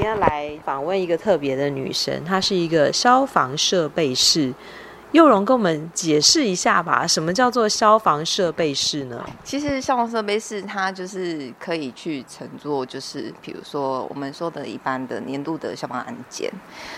今天來訪問一個特別的女生，她是一個消防設備士。囿蓉，跟我們解釋一下吧，什麼叫做消防設備士呢？其實消防設備士它就是可以去承做，就是比如說我們說的一般的年度的消防安檢，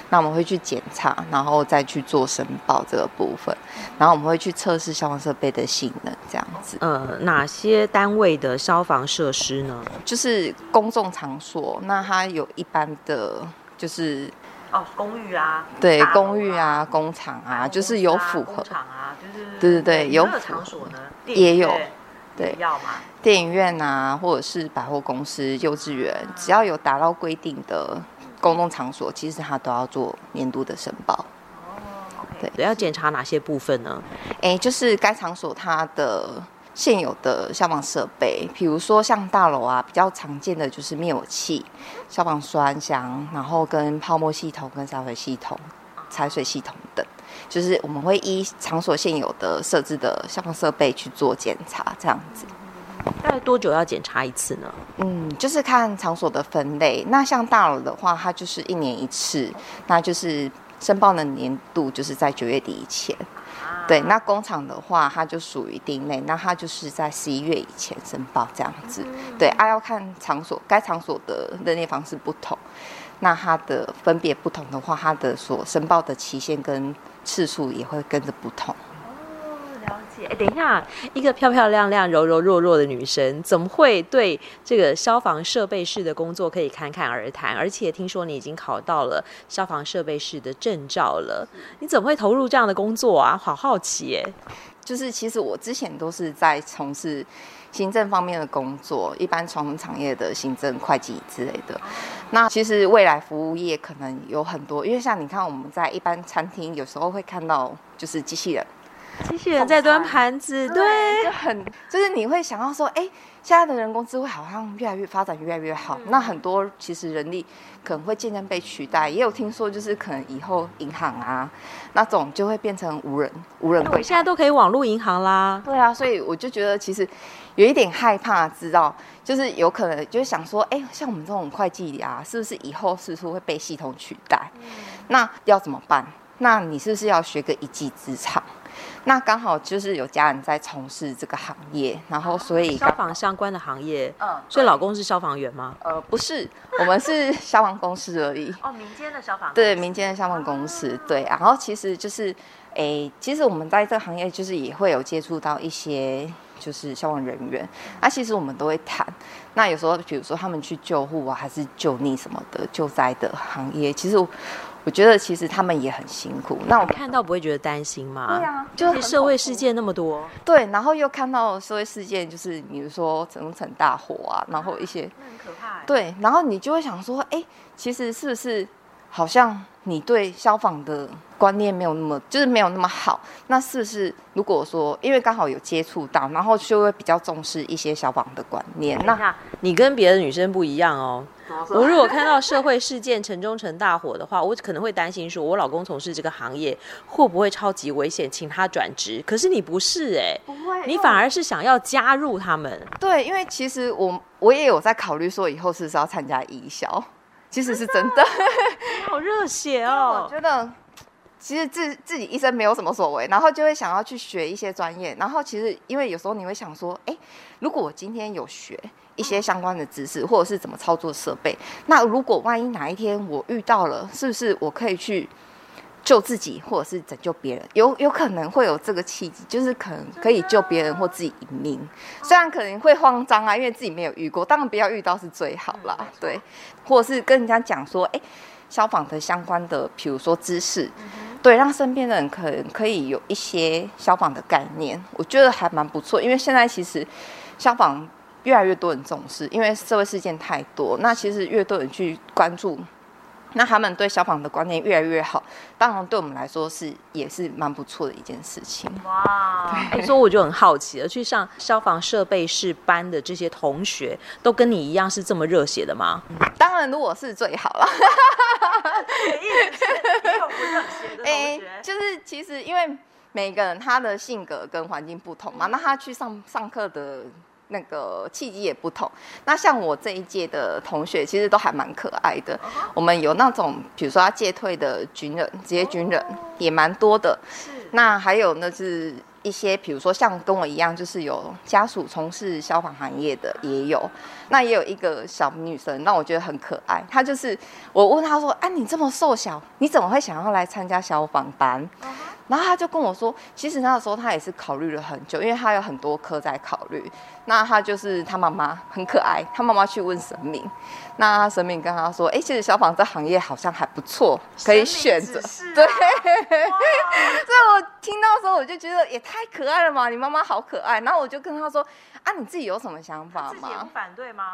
那我們會去檢查，然後再去做申報這個部分，然後我們會去測試消防設備的性能，這樣子。呃，哪些單位的消防設施呢？就是公眾場所，那它有一般的就是。哦，公寓啊，對，公寓啊，工廠啊，就是有符合廠啊，對對對，有也有，對，電影院啊，或者是百貨公司、幼稚園，只要有達到規定的公共場所，其實它都要做年度的申報。哦，對，要檢查哪些部分呢？哎，就是該場所它的。現有的消防設備，譬如說像大樓啊，比較常見的就是滅火器、消防栓箱，然後跟泡沫系統、跟灑水系統、採水系統等，就是我們會依場所現有的設置的消防設備去做檢查，這樣子。大概多久要檢查一次呢？嗯，就是看場所的分類。那像大樓的話，它就是一年一次，那就是申報的年度就是在九月底以前。對，那工廠的話，它就屬於丁類，那它就是在十一月以前申報這樣子。嗯、對，啊要看場所，該場所的認定方式不同，那它的分別不同的話，它的所申報的期限跟次數也會跟着不同。哎，等一下，一個漂漂亮亮、柔柔弱弱的女生，怎麼會對這個消防設備士的工作可以侃侃而談？而且聽說你已經考到了消防設備士的證照了，你怎麼會投入這樣的工作啊？好好奇哎、欸！就是，其實我之前都是在從事行政方面的工作，一般傳統產業的行政、會計之類的。那其實未來服務業可能有很多，因為像你看，我們在一般餐廳有時候會看到就是機器人。機器人在端盤子，怕對，對，就很就是你會想到說，哎，現在的人工智慧好像越來越發展越來越好，嗯、那很多其實人力可能會漸漸被取代，也有聽說就是可能以後銀行啊那種就會變成無人無人櫃，我現在都可以網絡銀行啦。對啊，所以我就覺得其實有一點害怕，知道就是有可能就是想說，哎，像我們這種會計啊，是不是以後是說會被系統取代？嗯、那要怎麼辦？那你是不是要學個一技之長？那剛好就是有家人在從事這個行業，然後所以消防相關的行業，嗯，所以老公是消防員嗎？呃，不是， 我們是消防公司而已。哦，民間的消防。對，民間的消防公司，對。然後其實就是，誒、欸，其實我們在這個行業就是也會有接觸到一些就是消防人員，那其實我們都會談。那有時候比如說他們去救護啊，還是救溺什麼的，救災的行業，其實。我覺得其實他們也很辛苦。那我看到不會覺得擔心嗎？對啊，就是社會事件那麼多。對，然後又看到社會事件，就是比如說整層大火啊，然後一些。那很可怕。欸、對，然後你就會想說，哎、欸，其實是不是？好像你對消防的觀念沒有那麼，就是沒有那麼好。那是不是如果說，因為剛好有接觸到，然後就會比較重視一些消防的觀念？那，你跟別的女生不一樣哦。我如果看到社會事件城中城大火的話，我可能會擔心說，我老公從事這個行業會不會超級危險，請他轉職。可是你不是哎、欸，你反而是想要加入他們。對，因為其實我我也有在考慮說，以後是不是要參加義消。其實是真的，真的， 好熱血哦！ 我覺得其實自自己一生沒有什麼所謂，然後就會想要去學一些專業。然後其實因為有時候你會想說，哎、欸，如果我今天有學一些相關的知識，或者是怎麼操作設備，那如果萬一哪一天我遇到了，是不是我可以去？救自己或者是拯救別人，有有可能會有這個契機，就是可能可以救別人或自己一命。雖然可能會慌張啊，因為自己沒有遇過，當然不要遇到是最好啦。對，或者是跟人家講說，哎、欸，消防的相關的，比如說知識，嗯、哼對，讓身邊的人可能可以有一些消防的概念。我覺得還蠻不錯，因為現在其實消防越來越多人重視，因為社會事件太多，那其實越多人去關注。那他們對消防的觀念越來越好，當然對我們來說是也是蠻不錯的一件事情。哇 Wow. 對，所以我就很好奇，去上消防設備士班的這些同學，都跟你一樣是這麼熱血的嗎、嗯？當然如果是最好了，哈哈哈哈哈。也有不熱血的同學。哎、 欸，就是其實因為每個人他的性格跟環境不同嘛，嗯、那他去上上課的。那個契機也不同。那像我這一屆的同學，其實都還蠻可愛的。Uh huh. 我們有那種，比如說屆退的軍人，職業軍人也蠻多的。是。Oh. 那還有呢就是一些，比如說像跟我一樣，就是有家屬從事消防行業的也有。Uh huh. 那也有一個小女生，讓我覺得很可愛。她就是我問她說：“啊，你這麼瘦小，你怎麼會想要來參加消防班？” uh huh. 然後他就跟我說，其實那個時候他也是考慮了很久，因為他有很多科在考慮。那他就是他媽媽很可愛，他媽媽去問神明，那神明跟他說：“哎、欸，其實消防這行業好像還不錯，可以選擇。是啊”對，哇 所以我聽到的時候我就覺得也太可愛了嘛，你媽媽好可愛。然後我就跟他說：“啊，你自己有什麼想法嗎？”自己不反對嗎？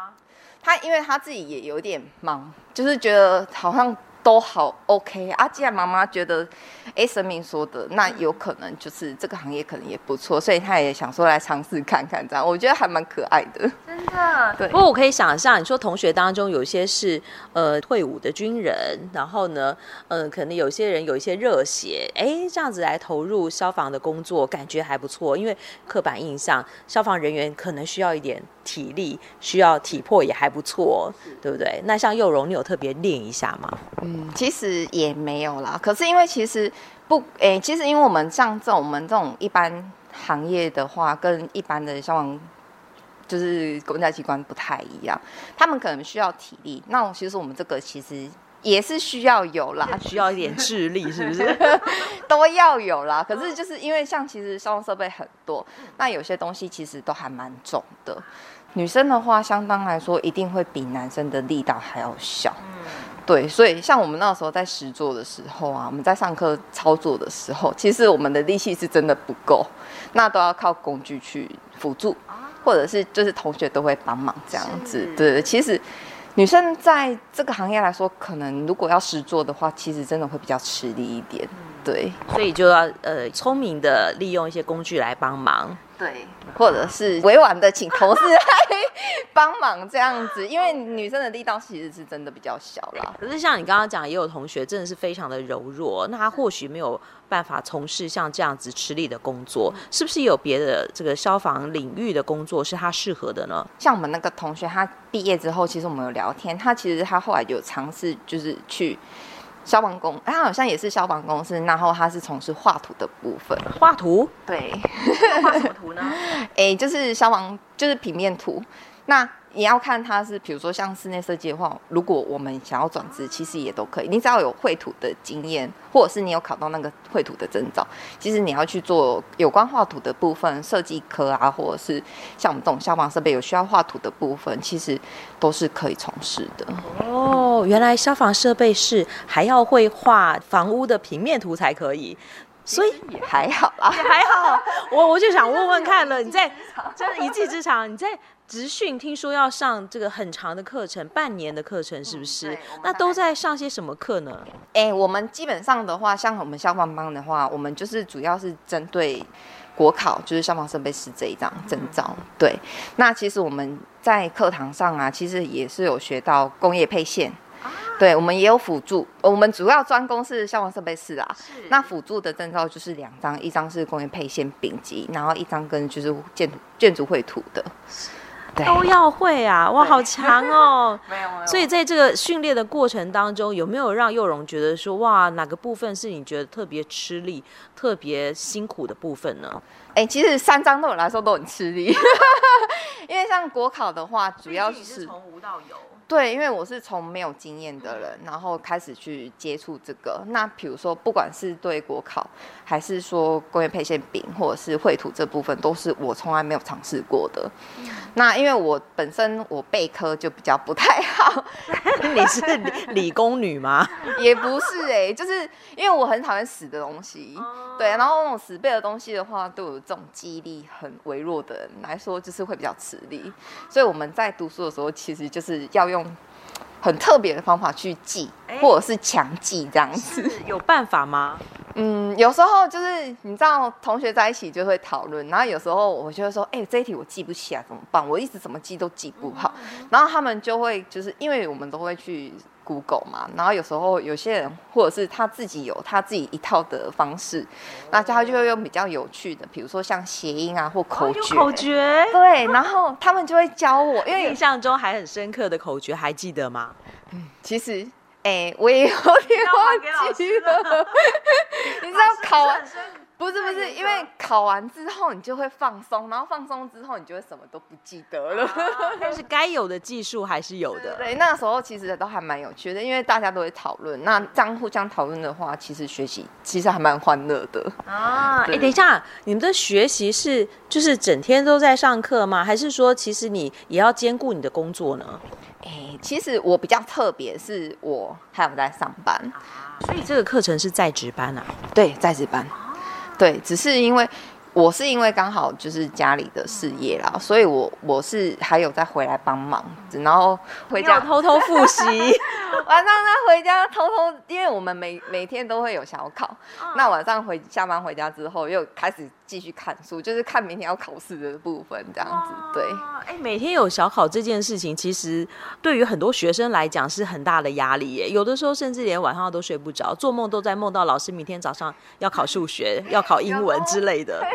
他因為他自己也有點忙，就是覺得好像。都好，OK。啊。既然媽媽覺得，哎、欸，神明說的，那有可能就是這個行業可能也不錯，所以她也想說來嘗試看看，這樣我覺得還蠻可愛的。啊、對，不過、哦、我可以想象，你說同學當中有些是呃退伍的軍人，然後呢，嗯、呃，可能有些人有一些熱血，哎，這樣子來投入消防的工作，感覺還不錯，因為刻板印象，消防人員可能需要一點體力，需要體魄也還不錯，是對不對？那像囿蓉，你有特別練一下嗎？嗯，其實也沒有啦，可是因為其實不，哎，其實因為我們像這種我們這種一般行業的話，跟一般的消防。就是公家機關不太一樣，他們可能需要體力。那其實我們這個其實也是需要有啦，需要一點智力，是不是？ 都要有啦。可是就是因為像其實消防設備很多，那有些東西其實都還蠻重的。女生的話，相當來說一定會比男生的力道還要小。嗯，對。所以像我們那時候在實作的時候啊，我們在上課操作的時候，其實我們的力氣是真的不夠，那都要靠工具去輔助。啊或者是就是同學都會幫忙這樣子，是對。其實，女生在這個行業來說，可能如果要實做的話，其實真的會比較吃力一點，對。嗯，所以就要呃，聰明的利用一些工具來幫忙。對，或者是委婉的請同事來幫忙這樣子，因為女生的力道其實是真的比較小啦。可是像你剛剛講，也有同學真的是非常的柔弱，那他或許沒有辦法從事像這樣子吃力的工作，是不是有別的這個消防領域的工作是他適合的呢？像我們那個同學，他畢業之後，其實我們有聊天，他其實他後來就有嘗試，就是去。消防工，他、啊、好像也是消防公司，然後他是從事畫圖的部分。畫圖？對。畫 什麼圖呢？哎、欸，就是消防，就是平面圖。那你要看他是，比如說像室內設計的話，如果我們想要轉職，其實也都可以。你只要有繪圖的經驗，或者是你有考到那個繪圖的證照，其實你要去做有關畫圖的部分，設計科啊，或者是像我們這種消防設備有需要畫圖的部分，其實都是可以從事的。哦。哦，原來消防設備士還要會畫房屋的平面圖才可以，所以也還好啦， 還好。我我就想問問看了，你在真的一技之長，你在職訓聽說要上這個很長的課程，半年的課程是不是？嗯、那都在上些什麼課呢？哎、欸，我們基本上的話，像我們消防班的話，我們就是主要是針對國考，就是消防設備士這一張證照。嗯、對，那其實我們在課堂上啊，其實也是有學到工業配線。對，我們也有輔助，我們主要專攻是消防設備士啊。是。那輔助的證照就是兩張，一張是工業配線丙級，然後一張跟就是建築建築繪圖的。對都要會啊！哇，對好強哦。 所以在這個訓練的過程當中，有沒有讓囿蓉覺得說，哇，哪個部分是你覺得特別吃力、特別辛苦的部分呢？哎，其實三張對我來說都很吃力。 因為像國考的話，主要是，是從無到有。對，因為我是從沒有經驗的人，然後開始去接觸這個。那比如說，不管是對國考，還是說工業配線丙，或者是繪圖這部分，都是我從來沒有嘗試過的。嗯、那因為我本身我背科就比較不太好，嗯。 你是理工女嗎？也不是哎，欸，就是因為我很討厭死的東西。嗯、對、啊，然後那種死背的東西的話，對我這種記憶力很微弱的人來說，就是會比較吃力。所以我們在讀書的時候，其實就是要用。很特別的方法去記，或者是強記這樣子，欸，有辦法嗎？嗯，有時候就是你知道，同學在一起就會討論，然後有時候我就會說，哎，欸，這一題我記不起啊怎麼辦？我一直怎麼記都記不好，嗯嗯嗯，然後他們就會就是因為我們都會去。谷歌嘛，然後有時候有些人或者是他自己有他自己一套的方式，哦、那就他就會用比較有趣的，比如說像諧音啊或口訣。哦、口訣對，然後他們就會教我，因為印象中還很深刻的口訣還記得嗎？嗯、其實哎、欸，我也有點忘記了。你知道考完。不是不是，因為考完之後你就會放鬆，然後放鬆之後你就會什麼都不記得了。但、啊、 是該有的技術還是有的。對，那個時候其實都還蠻有趣的，因為大家都會討論。那這樣互相討論的話，其實學習其實還蠻歡樂的。啊。哎對、欸，等一下，你們的學習是就是整天都在上課嗎？還是說其實你也要兼顧你的工作呢？哎、欸，其實我比較特別，是我還有在上班，所以這個課程是在職班啊。對，在職班。對，只是因為我是因為剛好就是家裡的事業啦，所以我我是還有再回來幫忙，只然後回家偷偷複習， 晚上再回家偷偷，因為我們每每天都會有小考，嗯、那晚上回下班回家之後又開始。繼續看書，就是看明天要考試的部分，這樣子對。哎、啊欸，每天有小考這件事情，其實對於很多學生來講是很大的壓力耶。有的時候甚至連晚上都睡不着，做夢都在夢到老師明天早上要考數學、要考英文之類的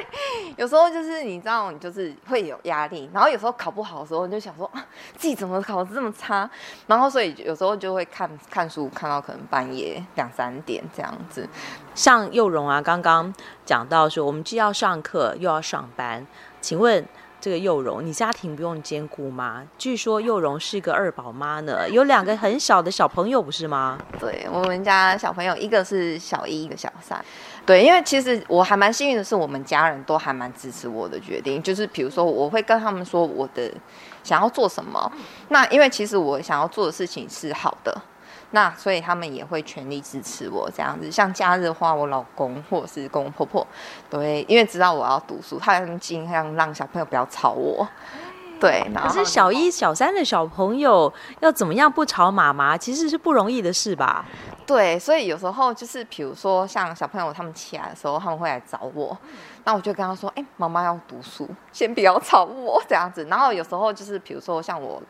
有。有時候就是你知道，你就是會有壓力，然後有時候考不好的時候，你就想說、啊、自己怎麼考得這麼差？然後所以有時候就會看看書，看到可能半夜兩三點這樣子。像囿蓉啊，剛剛講到說，我們既要。上課又要上班，請問這個囿蓉，你家庭不用兼顧嗎？據說囿蓉是一個二寶媽呢，有兩個很小的小朋友，不是嗎？對，我們家小朋友，一個是小一，一個小三。對，因為其實我還蠻幸運的，是我們家人都還蠻支持我的決定。就是比如說，我會跟他們說我的想要做什麼。那因為其實我想要做的事情是好的。那所以他們也會全力支持我這樣子，像假日的話，我老公或者是公公婆婆都會因為知道我要讀書，他們盡量讓小朋友不要吵我。對，可是小一、小三的小朋友要怎麼樣不吵媽媽，其實是不容易的事吧？對，所以有時候就是比如說像小朋友他們起來的時候，他們會來找我，那我就跟他說：“哎，媽媽要讀書，先不要吵我這樣子。”然後有時候就是比如說像我。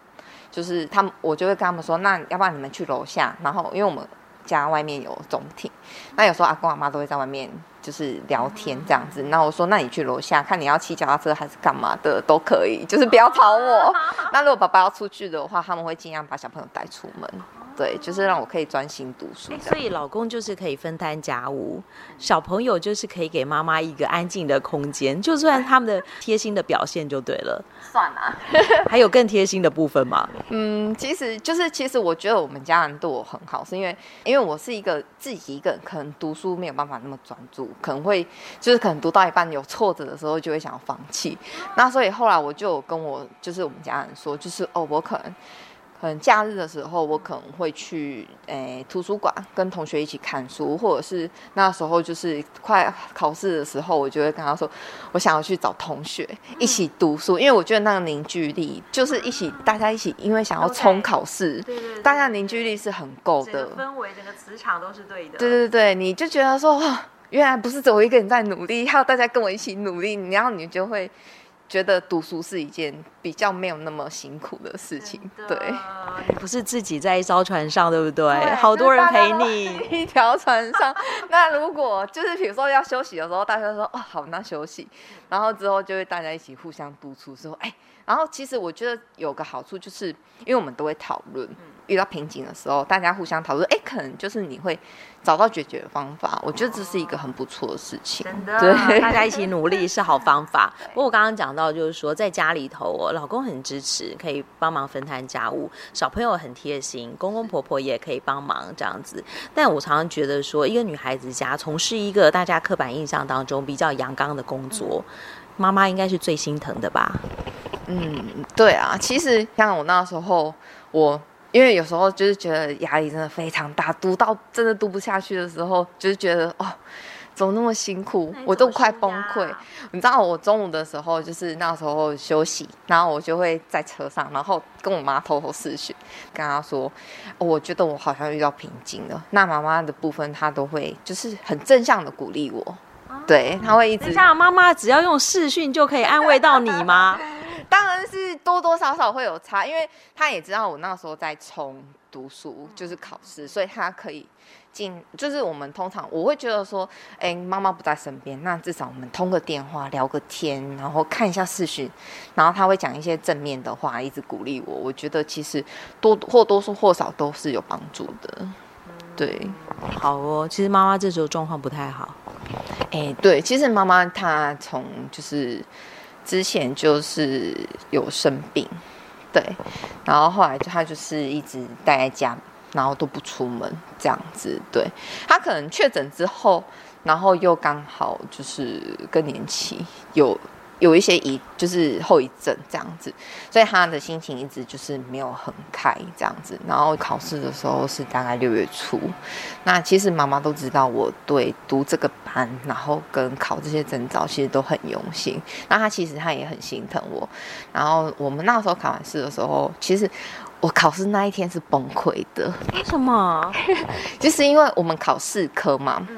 就是他們，我就會跟他們說，那要不然你們去樓下，然後因為我們家外面有中庭，那有時候阿公阿媽都會在外面就是聊天這樣子。那我說，那你去樓下看你要騎腳踏車還是幹嘛的都可以，就是不要吵我。那如果爸爸要出去的話，他們會盡量把小朋友帶出門。對，就是讓我可以專心讀書。所以老公就是可以分擔家務，小朋友就是可以給媽媽一個安靜的空間，就算他們的貼心的表現就對了。算了 還有更貼心的部分嗎？嗯，其實就是其實我覺得我們家人對我很好，是因為因為我是一個自己一個人，可能讀書沒有辦法那麼專注，可能會就是可能讀到一半有挫折的時候就會想要放棄。那所以後來我就跟我就是我們家人說，就是哦，我可能。嗯，假日的時候我可能會去誒、欸、圖書館跟同學一起看書，或者是那時候就是快考試的時候，我就會跟他說，我想要去找同學、嗯、一起讀書，因為我覺得那個凝聚力就是一起、嗯、大家一起，因為想要衝考試，大家凝聚力是很夠的，氛圍整個磁場都是對的。對對對，你就覺得說，原來不是只有我一個人在努力，還有大家跟我一起努力，然後你就會覺得讀書是一件。比較沒有那麼辛苦的事情，真的對，不是自己在一艘船上，對不對？對好多人陪你一條船上。 那如果就是比如說要休息的時候，大家說哦好，那休息。嗯、然後之後就會大家一起互相督促說哎、欸。然後其實我覺得有個好處就是，因為我們都會討論，嗯、遇到瓶頸的時候，大家互相討論，哎、欸，可能就是你會找到解決的方法。哦、我覺得這是一個很不錯的事情，啊、對，大家一起努力是好方法。 對不過我剛剛講到就是說在家裡頭我、哦。老公很支持，可以幫忙分攤家務，小朋友很貼心，公公婆婆也可以幫忙這樣子。但我常常覺得說，一個女孩子家從事一個大家刻板印象當中比較陽剛的工作，媽媽應該是最心疼的吧？嗯，對啊。其實像我那時候，我因為有時候就是覺得壓力真的非常大，讀到真的讀不下去的時候，就是覺得哦。都那麼辛苦，啊、我都快崩潰。你知道我中午的時候，就是那時候休息，然後我就會在車上，然後跟我媽偷偷視訊，跟她說、哦，我覺得我好像遇到瓶頸了。那媽媽的部分，她都會就是很正向的鼓勵我。啊、對，她會一直。那媽媽只要用視訊就可以安慰到你嗎？ 當然是多多少少會有差，因為她也知道我那時候在衝讀書，就是考試，所以她可以。就是我們通常我會覺得說，哎、欸，媽媽不在身邊，那至少我們通個電話，聊個天，然後看一下視訊，然後她會講一些正面的話，一直鼓勵我。我覺得其實多或多或少都是有幫助的。對，好哦，其實媽媽這時候狀況不太好。哎、欸，對，其實媽媽她從就是之前就是有生病，對，然後後來就她就是一直待在家。然後都不出門這樣子，對。他可能確診之後，然後又剛好就是更年期，有有一些遺就是後遺症這樣子，所以他的心情一直就是沒有很開這樣子。然後考試的時候是大概六月初，那其實媽媽都知道我對讀這個班，然後跟考這些證照其實都很用心。那他其實他也很心疼我。然後我們那時候考完試的時候，其實。我考試那一天是崩潰的，為什麼？ 就是因為我們考四科嘛，嗯，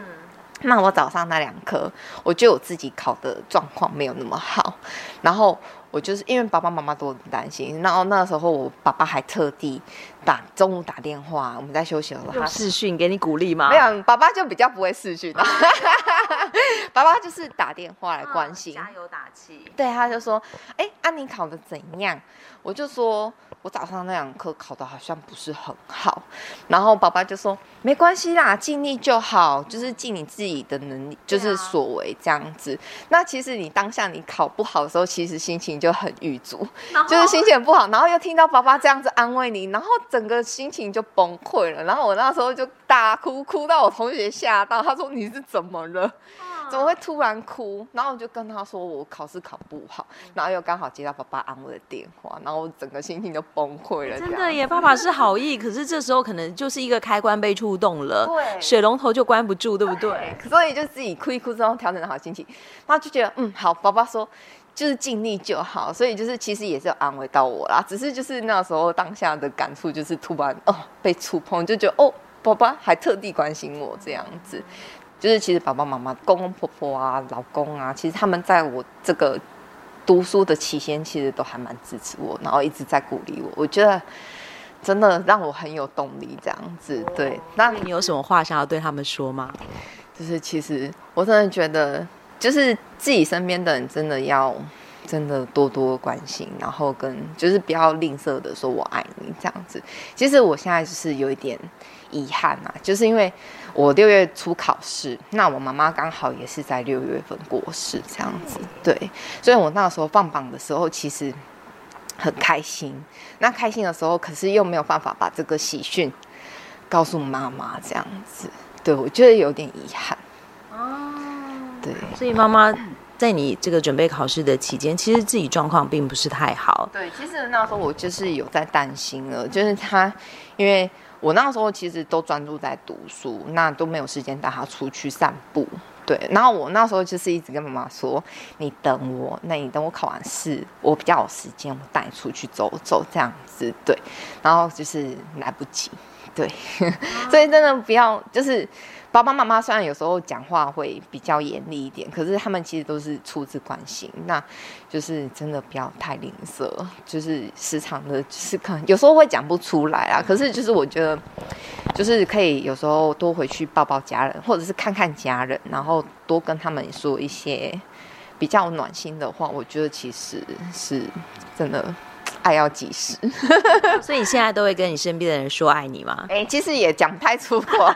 那我早上那兩科，我覺得我自己考的狀況沒有那麼好，然後我就是因為爸爸媽媽都很擔心，然後那個時候我爸爸還特地打中午打電話，我們在休息的時候，用視訊給你鼓勵嗎？沒有，爸爸就比較不會視訊啊。Okay. 爸爸就是打電話來關心，嗯、加油打氣。對，他就說：“哎、欸，啊，你考的怎樣？”我就說：“我早上那兩科考的好像不是很好。”然後爸爸就說：“沒關係啦，盡力就好，就是盡你自己的能力，就是所為這樣子。啊”那其實你當下你考不好的時候，其實心情就很鬱卒，就是心情不好，然後又聽到爸爸這樣子安慰你，然後整個心情就崩潰了。然後我那時候就大哭，哭，哭到我同學嚇到，他說：“你是怎麼了？”啊、怎麼會突然哭？然後我就跟他說我考試考不好，然後又剛好接到爸爸安慰的電話，然後我整個心情都崩潰了、欸。真的耶，爸爸是好意， 可是這時候可能就是一個開關被觸動了，對水龍頭就關不住，對不對、欸？所以就自己哭一哭之後調整好心情，他就覺得嗯，好，爸爸說就是盡力就好，所以就是其實也是有安慰到我啦。只是就是那時候當下的感觸就是突然哦被觸碰，就覺得哦爸爸還特地關心我這樣子。嗯就是其實爸爸媽媽、公公婆婆啊、老公啊，其實他們在我這個讀書的期間，其實都還蠻支持我，然後一直在鼓勵我。我覺得真的讓我很有動力這樣子。對，那你有什麼話想要對他們說嗎？就是其實我真的覺得，就是自己身邊的人真的要真的多多關心，然後跟就是不要吝嗇的說我愛你這樣子。其實我現在就是有一點。遺憾啊，就是因為我六月初考試，那我媽媽剛好也是在六月份過世，這樣子，對，所以我那個時候放榜的時候，其實很開心。那開心的時候，可是又沒有辦法把這個喜訊告訴媽媽，這樣子，對，我覺得有點遺憾。哦、啊，對，所以媽媽在你這個準備考試的期間，其實自己狀況並不是太好。對，其實那時候我就是有在擔心了，就是她，因為。我那時候其實都專注在讀書，那都沒有時間帶他出去散步，對。然後我那時候就是一直跟媽媽說：“你等我，那你等我考完試，我比較有時間，我帶你出去走走，這樣子，對。”然後就是來不及，對。 啊、所以真的不要就是。爸爸媽媽雖然有時候講話會比較嚴厲一點，可是他們其實都是出自關心。那就是真的不要太吝嗇，就是時常的，就是可能有時候會講不出來啊。可是就是我覺得，就是可以有時候多回去抱抱家人，或者是看看家人，然後多跟他們說一些比較暖心的話。我覺得其實是真的。愛要及時。嗯， 所以你現在都會跟你身邊的人說愛你嗎？哎、欸，其實也講不太出口，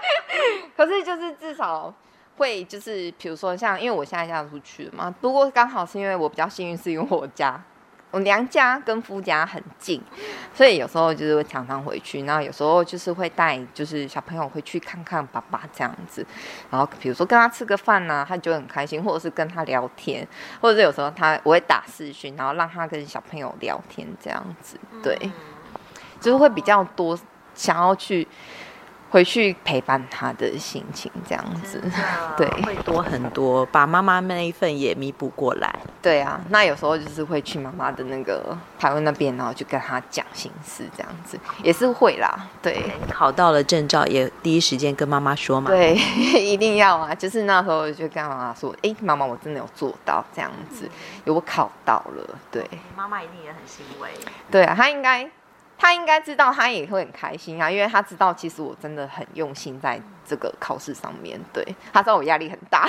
可是就是至少會，就是比如說像，因為我現在嫁出去嘛，不過剛好是因為我比較幸運，是因為我家。我娘家跟夫家很近，所以有時候就是會常常回去，然後有時候就是會帶就是小朋友回去看看爸爸這樣子，然後比如說跟他吃個飯呢啊，他就很開心，或者是跟他聊天，或者是有時候他我會打視訊，然後讓他跟小朋友聊天這樣子，對，就是會比較多想要去回去陪伴他的心情，這樣子，的對，會多很多，把媽媽那一份也彌補過來。對啊，那有時候就是會去媽媽的那個台灣那邊，然後就跟他講心事，這樣子也是會啦。對，考到了證照也第一時間跟媽媽說嘛。對，嗯、 一定要啊！就是那時候就跟媽媽說：“哎、欸，媽媽，我真的有做到這樣子，有、嗯、考到了。”對，媽媽一定也很欣慰。對啊，她應該。他應該知道，他也會很開心啊，因為他知道其實我真的很用心在這個考試上面，對，他知道我壓力很大，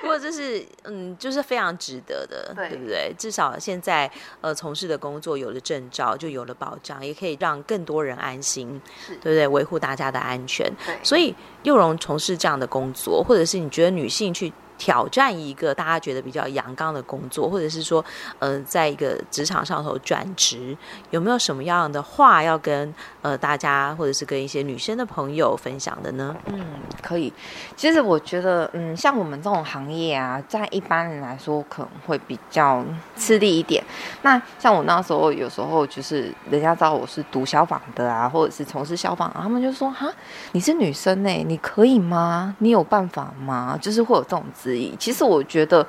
不 過這是嗯，就是非常值得的，對，對不對？至少現在呃從事的工作有了證照，就有了保障，也可以讓更多人安心，是對不對？維護大家的安全，對所以囿蓉從事這樣的工作，或者是你覺得女性去。挑戰一個大家覺得比較陽剛的工作，或者是說，嗯、呃，在一個職場上頭轉職，有沒有什麼樣的話要跟呃大家，或者是跟一些女生的朋友分享的呢？嗯，可以。其實我覺得，嗯，像我們這種行業啊，在一般人來說可能會比較吃力一點。那像我那時候，有時候就是人家知道我是讀消防的啊，或者是從事消防、啊，他們就說：“哈，你是女生呢、欸？你可以嗎？你有辦法嗎？”就是會有這種職業。其實我覺得，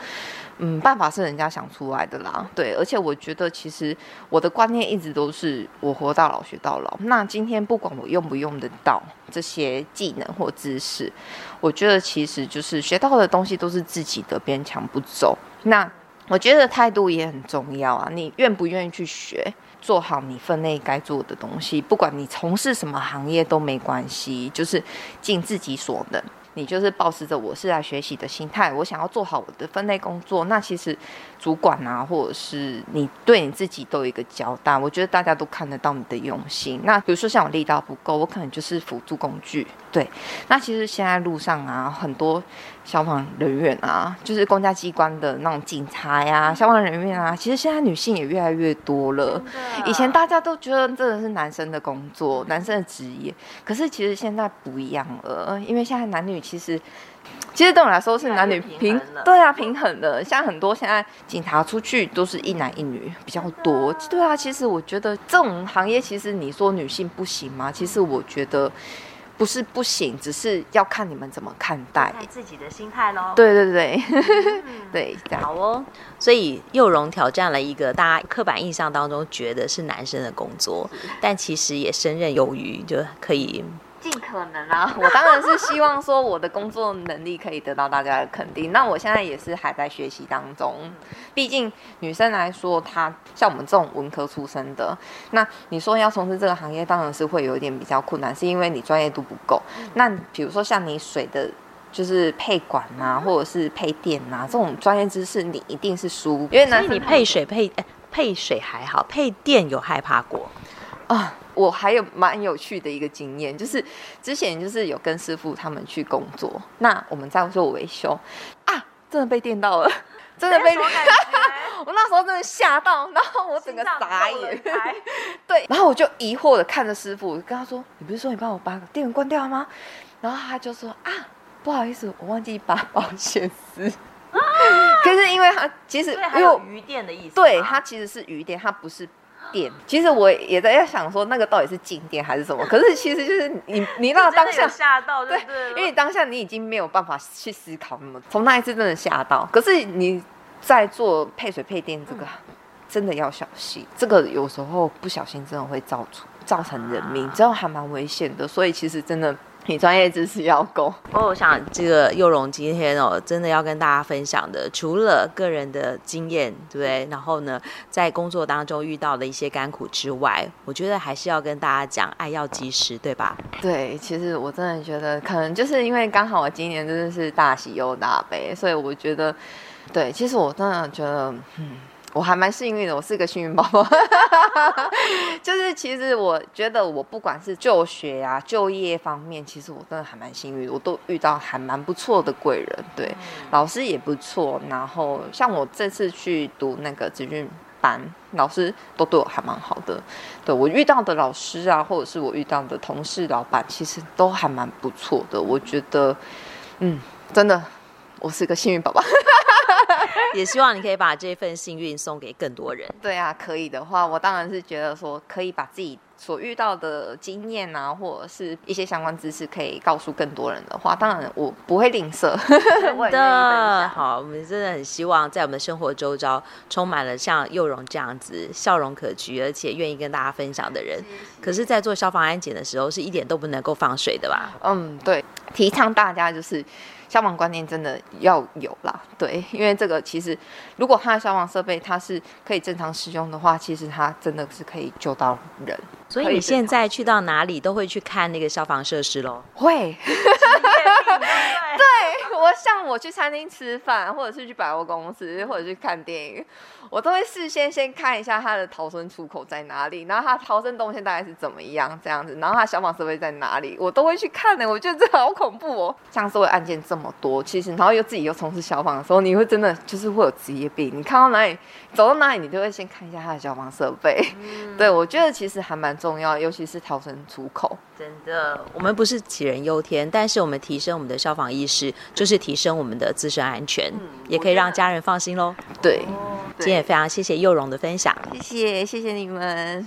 嗯，辦法是人家想出來的啦。對，而且我覺得，其實我的觀念一直都是我活到老學到老。那今天不管我用不用得到這些技能或知識，我覺得其實就是學到的東西都是自己的，別人搶不走。那我覺得態度也很重要啊，你願不願意去學，做好你分內該做的東西，不管你從事什麼行業都沒關係，就是盡自己所能。你就是抱持着我是來學習的心態，我想要做好我的分類工作。那其實，主管啊，或者是你對你自己都有一個交代。我覺得大家都看得到你的用心。那比如說像我力道不夠，我可能就是輔助工具。對，那其實現在路上啊，很多。消防人員啊，就是公家機關的那種警察呀、啊，消防人員啊，其實現在女性也越來越多了。啊、以前大家都覺得這個是男生的工作，男生的職業。可是其實現在不一樣了，因為現在男女其實其實對我來說是男女平，越來越平對啊平衡的。像很多現在警察出去都是一男一女比較多。啊對啊，其實我覺得這種行業，其實你說女性不行嗎、啊？其實我覺得。不是不行，只是要看你們怎麼看待，看自己的心態咯，對對對，嗯、 對，對，好哦。所以，囿蓉挑戰了一個大家刻板印象當中覺得是男生的工作，是但其實也勝任有餘，就可以。盡可能啊！我當然是希望說我的工作能力可以得到大家的肯定。 那我現在也是還在學習當中，畢竟女生來說，她像我們這種文科出身的，那你說要從事這個行業，當然是會有一點比較困難，是因為你專業度不夠。嗯、那比如說像你水的，就是配管吶、啊，嗯、或者是配電吶、啊、這種專業知識，你一定是輸。嗯、因為以你配水配、欸、配水還好，配電有害怕過啊。呃我還有蠻有趣的一個經驗，就是之前就是有跟師傅他們去工作，那我們在做維修啊，真的被電到了，真的被電，的 我那時候真的嚇到，然後我整個傻眼， 對，然後我就疑惑的看着師傅，我跟他說：“你不是說你幫我把電源關掉了嗎？”然後他就說：“啊，不好意思，我忘記拔保險絲。 啊”可是因為他其實還有餘電的意思，對他其實是餘電，他不是。其實我也在要想說，那個到底是靜電還是什麼？可是其實就是你你那當下嚇到，對，因為當下你已經沒有辦法去思考那麼。從那一次真的嚇到，可是你在做配水配電這個，真的要小心，這個有時候不小心真的會造成造成人命，真的還蠻危險的。所以其實真的。你專業知識要夠，不過我想這個囿蓉今天哦、喔，真的要跟大家分享的，除了個人的經驗，對不對？然後呢，在工作當中遇到的一些甘苦之外，我覺得還是要跟大家講，愛要及時，對吧？對，其實我真的覺得，可能就是因為剛好我今年真的是大喜又大悲，所以我覺得，對，其實我真的覺得，嗯。我還蠻幸運的，我是個幸運寶寶， 就是其實我覺得我不管是就學啊，就業方面，其實我真的還蠻幸運的，我都遇到還蠻不錯的貴人，對，嗯、老師也不錯。然後像我這次去讀那個職訓班，老師都對我還蠻好的。對，我遇到的老師啊，或者是我遇到的同事、老闆，其實都還蠻不錯的。我覺得，嗯，真的，我是個幸運寶寶。 也希望你可以把這份幸運送給更多人。對啊，可以的話，我當然是覺得說可以把自己所遇到的經驗啊，或者是一些相關知識，可以告訴更多人的話，當然我不會吝嗇。真的，好，我們真的很希望在我們生活周遭充滿了像囿蓉這樣子笑容可掬，而且願意跟大家分享的人。是是。可是，在做消防安檢的時候，是一點都不能夠放水的吧？嗯，對，提倡大家就是。消防觀念真的要有啦，對，因為這個其實，如果它的消防設備它是可以正常使用的話，其實它真的是可以救到人。所以你現在去到哪裡都會去看那個消防設施咯？會。 對， 對，我像我去餐廳吃飯，或者是去百貨公司，或者去看電影，我都會事先先看一下他的逃生出口在哪裡，然後他逃生動線大概是怎麼樣這樣子，然後他消防設備在哪裡，我都會去看的、欸。我覺得這好恐怖哦。 像社會案件這麼多，其實然後又自己又從事消防的時候，你會真的就是會有職業病。你看到哪裡，走到哪裡，你都會先看一下他的消防設備。嗯、對，我覺得其實還蠻重要，尤其是逃生出口。真的，我， 我們不是杞人憂天，但是。我們提升我們的消防意識，就是提升我們的自身安全，嗯、也可以讓家人放心嘍。對，今天也非常謝謝囿蓉的分享，謝謝謝謝你們。